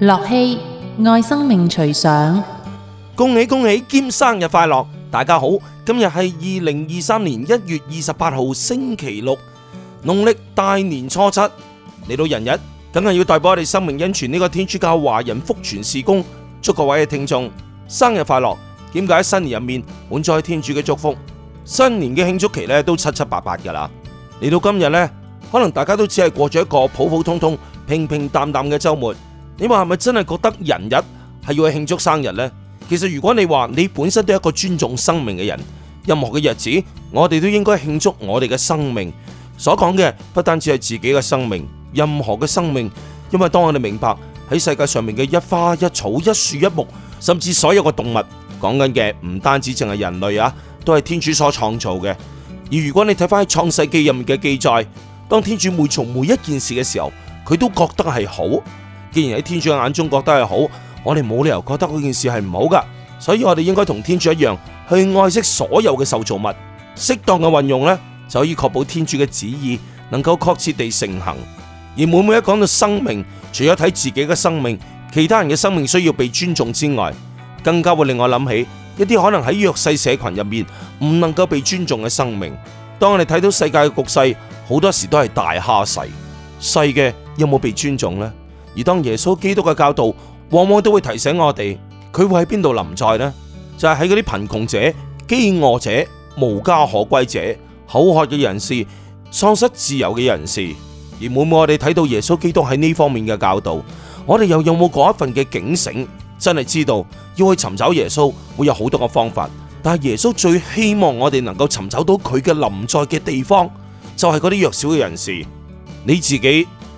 樂器愛生命隨想，恭喜恭喜兼生日快樂！大家好，今日係二零二三年一月二十八號星期六，農曆大年初七。嚟到人日，梗係要代表我哋生命恩泉呢個天主教華人福傳事工，祝各位嘅聽眾生日快樂！點解新年入面滿載天主嘅祝福？新年嘅慶祝期咧都七七八八噶啦。嚟到今日咧，可能大家都只係過咗一個普普通通、平平淡淡嘅周末。你話係咪真係覺得人日係要去慶祝生日呢？其實如果你話你本身都係一個尊重生命嘅人，任何嘅日子我哋都應該慶祝我哋嘅生命。所講嘅不單止係自己嘅生命，任何嘅生命，因為當我哋明白喺世界上面嘅一花一草一樹一木，甚至所有嘅動物，講緊嘅唔單止淨係人類啊，都係天主所創造嘅。而如果你睇翻喺創世紀入面嘅記載，當天主每做每一件事嘅時候，佢都覺得係好。既然喺天主嘅眼中覺得係好，我哋冇理由覺得嗰件事係唔好噶，所以我哋應該同天主一樣去愛惜所有嘅受造物，適當嘅運用呢，就可以確保天主嘅旨意能夠確切地成行。而每每一講到生命，除咗睇自己嘅生命，其他人嘅生命需要被尊重之外，更加會令我諗起一啲可能喺弱勢社群入面唔能夠被尊重嘅生命。當我哋睇到世界嘅局勢，好多時都係大蝦細細嘅，有冇被尊重呢？而當耶穌基督嘅教導，往往都會提醒我哋，佢會喺邊度臨在呢？就係喺嗰啲貧窮者、飢餓者、無家可歸者、口渴嘅人士、喪失自由嘅人士。而每每我哋睇到耶穌基督喺呢方面嘅教導，我哋又有冇嗰一份嘅警醒？真係知道要去尋找耶穌會有好多嘅方法，但係耶穌最希望我哋能夠尋找到佢嘅臨在嘅地方，就係嗰啲弱小嘅人士。你自己？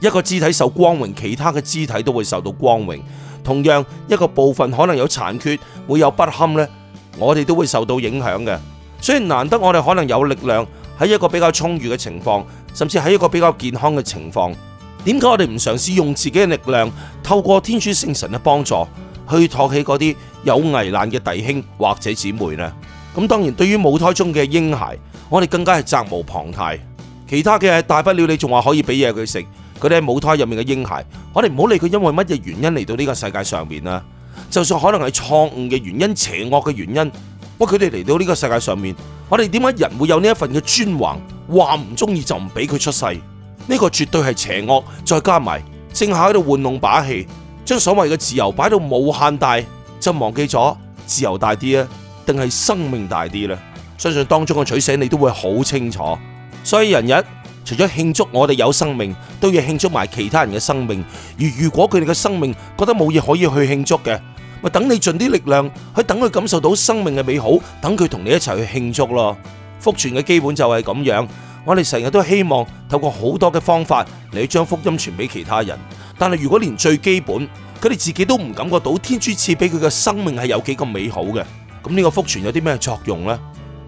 一個肢體受光榮，其他嘅肢體都會受到光榮。同樣，一個部分可能有殘缺，會有不堪呢，我哋都會受到影響嘅。所以難得我哋可能有力量喺一個比較充裕嘅情況，甚至喺一個比較健康嘅情況。點解我哋唔嘗試用自己嘅力量，透過天主聖神嘅幫助去托起嗰啲有危難嘅弟兄或者姊妹呢？咁當然，對於母胎中嘅嬰孩，我哋更加係責無旁貸。其他嘅大不了，你仲話可以俾嘢佢食。佢哋係母胎入面嘅嬰孩，我哋唔好理佢因為乜嘢原因嚟到呢個世界上面啦。就算可能係錯誤嘅原因、邪惡嘅原因，喂，佢哋嚟到呢個世界上面，我哋點解人會有呢一份嘅專橫？話唔中意就唔俾佢出世，呢、呢個絕對係邪惡，再加埋正下喺度玩弄把戲，將所謂嘅自由擺到無限大，就忘記咗自由大啲咧，定係生命大啲咧？相信當中嘅取捨你都會好清楚，所以人一。除咗慶祝我哋有生命，都要慶祝埋其他人嘅生命。而如果佢哋嘅生命覺得冇嘢可以去慶祝嘅，咪等你盡啲力量去等佢感受到生命嘅美好，等佢同你一齊去慶祝咯。福傳嘅基本就係咁樣。我哋成日都希望透過好多嘅方法嚟去將福音傳俾其他人。但係如果連最基本，佢哋自己都唔感覺到天主賜俾佢嘅生命係有幾咁美好嘅，咁呢個福傳有啲咩作用呢？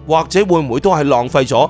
或者會唔會都係浪費咗？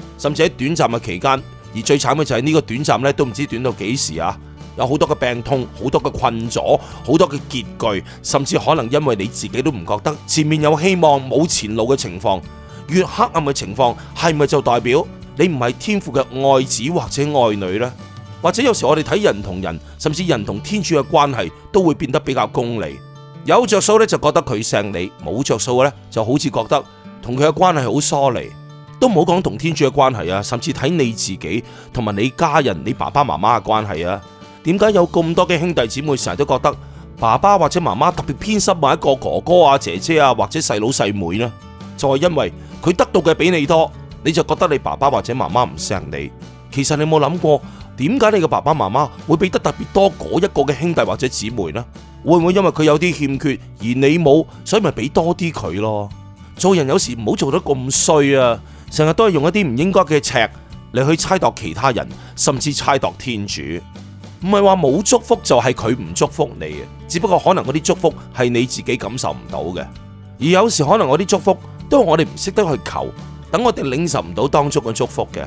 甚至喺短暫嘅期間，而最慘嘅就係呢個短暫咧，都唔知短到幾時啊！有好多嘅病痛，好多嘅困阻，好多嘅拮據，甚至可能因為你自己都唔覺得前面有希望，冇前路嘅情況，越黑暗嘅情況，係咪就代表你唔係天父嘅愛子或者愛女咧？或者有時我哋睇人同人，甚至人同天主嘅關係，都會變得比較功利。有着數咧就覺得佢勝你，冇着數咧就好似覺得同佢嘅關係好疏離。都冇講同天主嘅關係啊，甚至睇你自己同埋你家人、你爸爸媽媽嘅關係啊。點解有咁多嘅兄弟姊妹成日都覺得爸爸或者媽媽特別偏心埋一個哥哥啊、姐姐啊或者細佬細妹呢？就係因為佢得到嘅比你多，你就覺得你爸爸或者媽媽唔錫你。其實你冇諗過點解你嘅爸爸媽媽會俾得特別多嗰一個嘅兄弟或者姊妹呢？會唔會因為佢有啲欠缺而你冇，所以咪俾多啲佢咯？做人有時唔好做得咁衰啊！成日都係用一啲唔應該嘅尺嚟去猜度其他人，甚至猜度天主。唔係話冇祝福就係佢唔祝福你，只不過可能嗰啲祝福係你自己感受唔到嘅，而有時可能我啲祝福都係我哋唔識得去求，等我哋領受唔到當中嘅祝福嘅。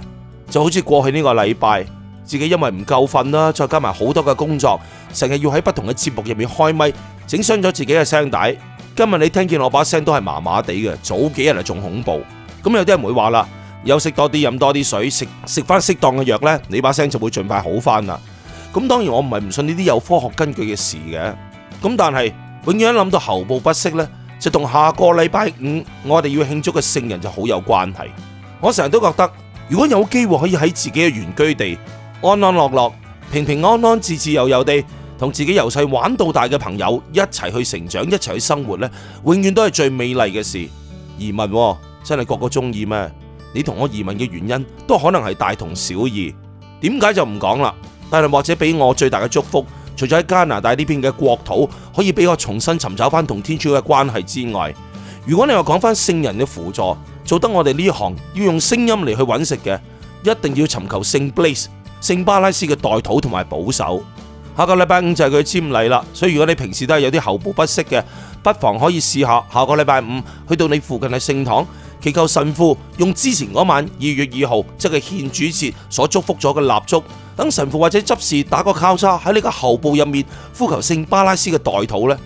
就好似過去呢個禮拜，自己因為唔夠瞓啦，再加埋好多嘅工作，成日要喺不同嘅節目入面開咪，整傷咗自己嘅聲帶。今日你聽見我把聲都係麻麻地嘅，早幾日啊仲恐怖。咁有啲人會話啦，休息多啲，飲多啲水，食食翻適當嘅藥咧，你把聲就會盡快好翻啦。咁當然我唔係唔信呢啲有科學根據嘅事嘅，咁但係永遠諗到喉部不適咧，就同下個禮拜五我哋要慶祝嘅聖人就好有關係。我成日都覺得，如果有機會可以喺自己嘅原居地安安樂樂、平平安安、自自由由地同自己由細玩到大嘅朋友一齊去成長，一齊去生活咧，永遠都係最美麗嘅事。移民喎。真係個個中意咩？你同我移民嘅原因都可能係大同小異，點解就唔講啦。但係或者俾我最大嘅祝福，除咗喺加拿大呢邊嘅國土可以俾我重新尋找翻同天主嘅關係之外，如果你話講翻聖人嘅輔助，做得我哋呢一行要用聲音嚟去揾食嘅，一定要尋求聖 Blaise、聖巴拉斯嘅代禱同埋保守。下個禮拜五就係佢嘅瞻禮啦，所以如果你平時都係有啲喉部不適嘅，不妨可以試下下個禮拜五去到你附近嘅聖堂。祈求神父用之前嗰晚二月二號即係獻主節所祝福咗嘅蠟燭，等神父或者執事打個交叉喺你個喉部入面，呼求聖巴拉斯嘅代禱呢，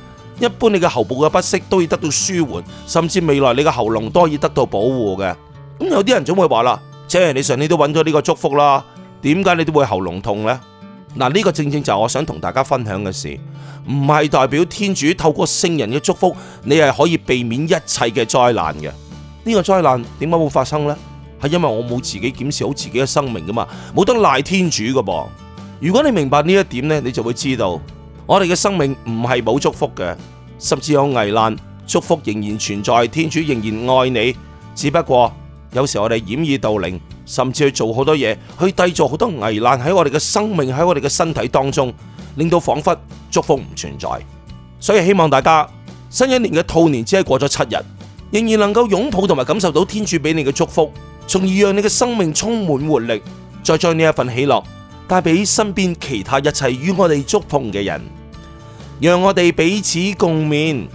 一般你嘅喉部嘅不適都要得到舒緩，甚至未來你嘅喉嚨都可以得到保護嘅。咁、嗯、有啲人總會話啦，「即係你上年都揾咗呢個祝福啦，點解你都會喉嚨痛呢？」嗱，呢個正正就係我想同大家分享嘅事，唔係代表天主透過聖人嘅祝福，你係可以避免一切嘅災難嘅。呢個災難點解會發生呢？係因為我冇自己檢視好自己嘅生命噶嘛，冇得賴天主噶噃。如果你明白呢一點呢，你就會知道我哋嘅生命唔係冇祝福嘅，甚至有危難，祝福仍然存在，天主仍然愛你。只不過有時我哋掩耳盜鈴，甚至去做好多嘢去製造好多危難喺我哋嘅生命喺我哋嘅身體當中，令到仿佛祝福唔存在。所以希望大家新一年嘅兔年只係過咗七日。仍然能夠擁抱同埋感受到天主俾你嘅祝福，從而讓你嘅生命充滿活力，再將呢一份喜樂帶俾身邊其他一切與我哋觸碰嘅人，讓我哋彼此共勉。